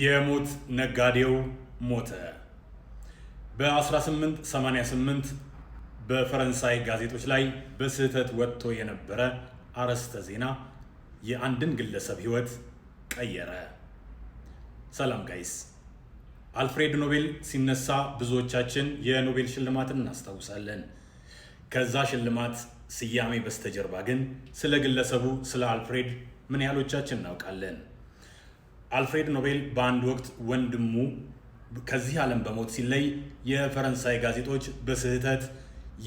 የሞት ነጋዴው ሞተ። በ1888 በፈረንሳይ ጋዜጦች ላይ በስህተት ወጥቶ የነበረ አርዕስተ ዜና የአንድን ግለሰብ ሕይወት ቀየረ። ሰላም ጋይስ፣ አልፍሬድ ኖቤል ሲነሳ ብዙዎቻችን የኖቤል ሽልማትን እናስታውሳለን። ከዛ ሽልማት ስያሜ በስተጀርባ ግን ስለ ግለሰቡ ስለ አልፍሬድ ምን ያህሎቻችን እናውቃለን? አልፍሬድ ኖቤል በአንድ ወቅት ወንድሙ ከዚህ ዓለም በሞት ሲለይ የፈረንሳይ ጋዜጦች በስህተት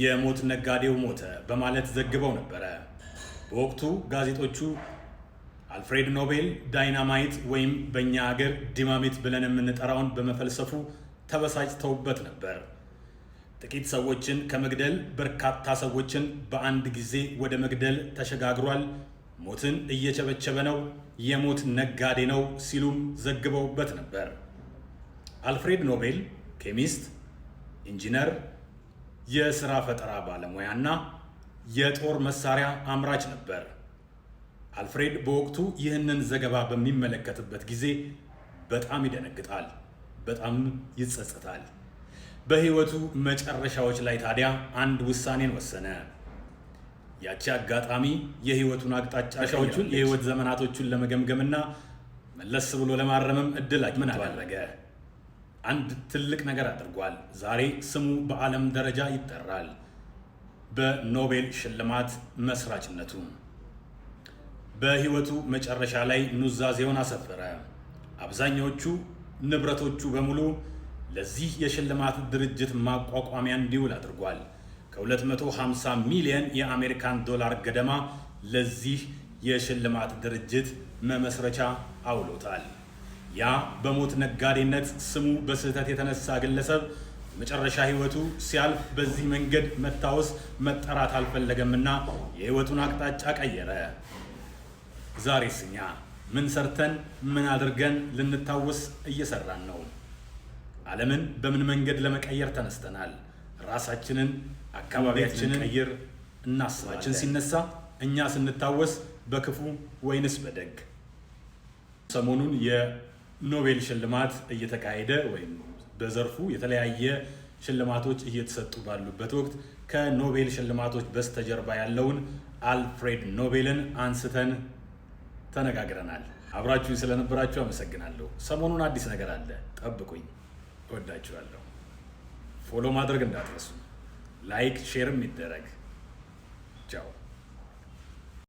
የሞት ነጋዴው ሞተ በማለት ዘግበው ነበረ። በወቅቱ ጋዜጦቹ አልፍሬድ ኖቤል ዳይናማይት ወይም በእኛ ሀገር ዲማሚት ብለን የምንጠራውን በመፈልሰፉ ተበሳጭተውበት ነበር። ጥቂት ሰዎችን ከመግደል በርካታ ሰዎችን በአንድ ጊዜ ወደ መግደል ተሸጋግሯል። ሞትን እየቸበቸበ ነው፣ የሞት ነጋዴ ነው ሲሉም ዘግበውበት ነበር። አልፍሬድ ኖቤል ኬሚስት፣ ኢንጂነር፣ የሥራ ፈጠራ ባለሙያና የጦር መሳሪያ አምራች ነበር። አልፍሬድ በወቅቱ ይህንን ዘገባ በሚመለከትበት ጊዜ በጣም ይደነግጣል፣ በጣም ይጸጸታል። በሕይወቱ መጨረሻዎች ላይ ታዲያ አንድ ውሳኔን ወሰነ። ያቺ አጋጣሚ የህይወቱን አቅጣጫ ሻዎቹን የህይወት ዘመናቶቹን ለመገምገምና መለስ ብሎ ለማረምም እድል ምን አደረገ? አንድ ትልቅ ነገር አድርጓል። ዛሬ ስሙ በዓለም ደረጃ ይጠራል። በኖቤል ሽልማት መስራችነቱ በህይወቱ መጨረሻ ላይ ኑዛዜውን አሰፈረ። አብዛኛዎቹ ንብረቶቹ በሙሉ ለዚህ የሽልማት ድርጅት ማቋቋሚያ እንዲውል አድርጓል። ከ250 ሚሊዮን የአሜሪካን ዶላር ገደማ ለዚህ የሽልማት ድርጅት መመስረቻ አውሎታል። ያ በሞት ነጋዴነት ስሙ በስህተት የተነሳ ግለሰብ መጨረሻ ህይወቱ ሲያልፍ በዚህ መንገድ መታወስ መጠራት አልፈለገምና የህይወቱን አቅጣጫ ቀየረ። ዛሬ ስኛ ምን ሰርተን ምን አድርገን ልንታወስ እየሰራን ነው? ዓለምን በምን መንገድ ለመቀየር ተነስተናል? ራሳችንን አካባቢያችንን ቀይር እናስባችን ሲነሳ እኛ ስንታወስ በክፉ ወይንስ በደግ? ሰሞኑን የኖቤል ሽልማት እየተካሄደ ወይም በዘርፉ የተለያየ ሽልማቶች እየተሰጡ ባሉበት ወቅት ከኖቤል ሽልማቶች በስተጀርባ ያለውን አልፍሬድ ኖቤልን አንስተን ተነጋግረናል። አብራችሁኝ ስለነበራችሁ አመሰግናለሁ። ሰሞኑን አዲስ ነገር አለ፣ ጠብቁኝ። እወዳችኋለሁ። ፎሎ ማድረግ እንዳትረሱ። ላይክ ሼርም ይደረግ። ቻው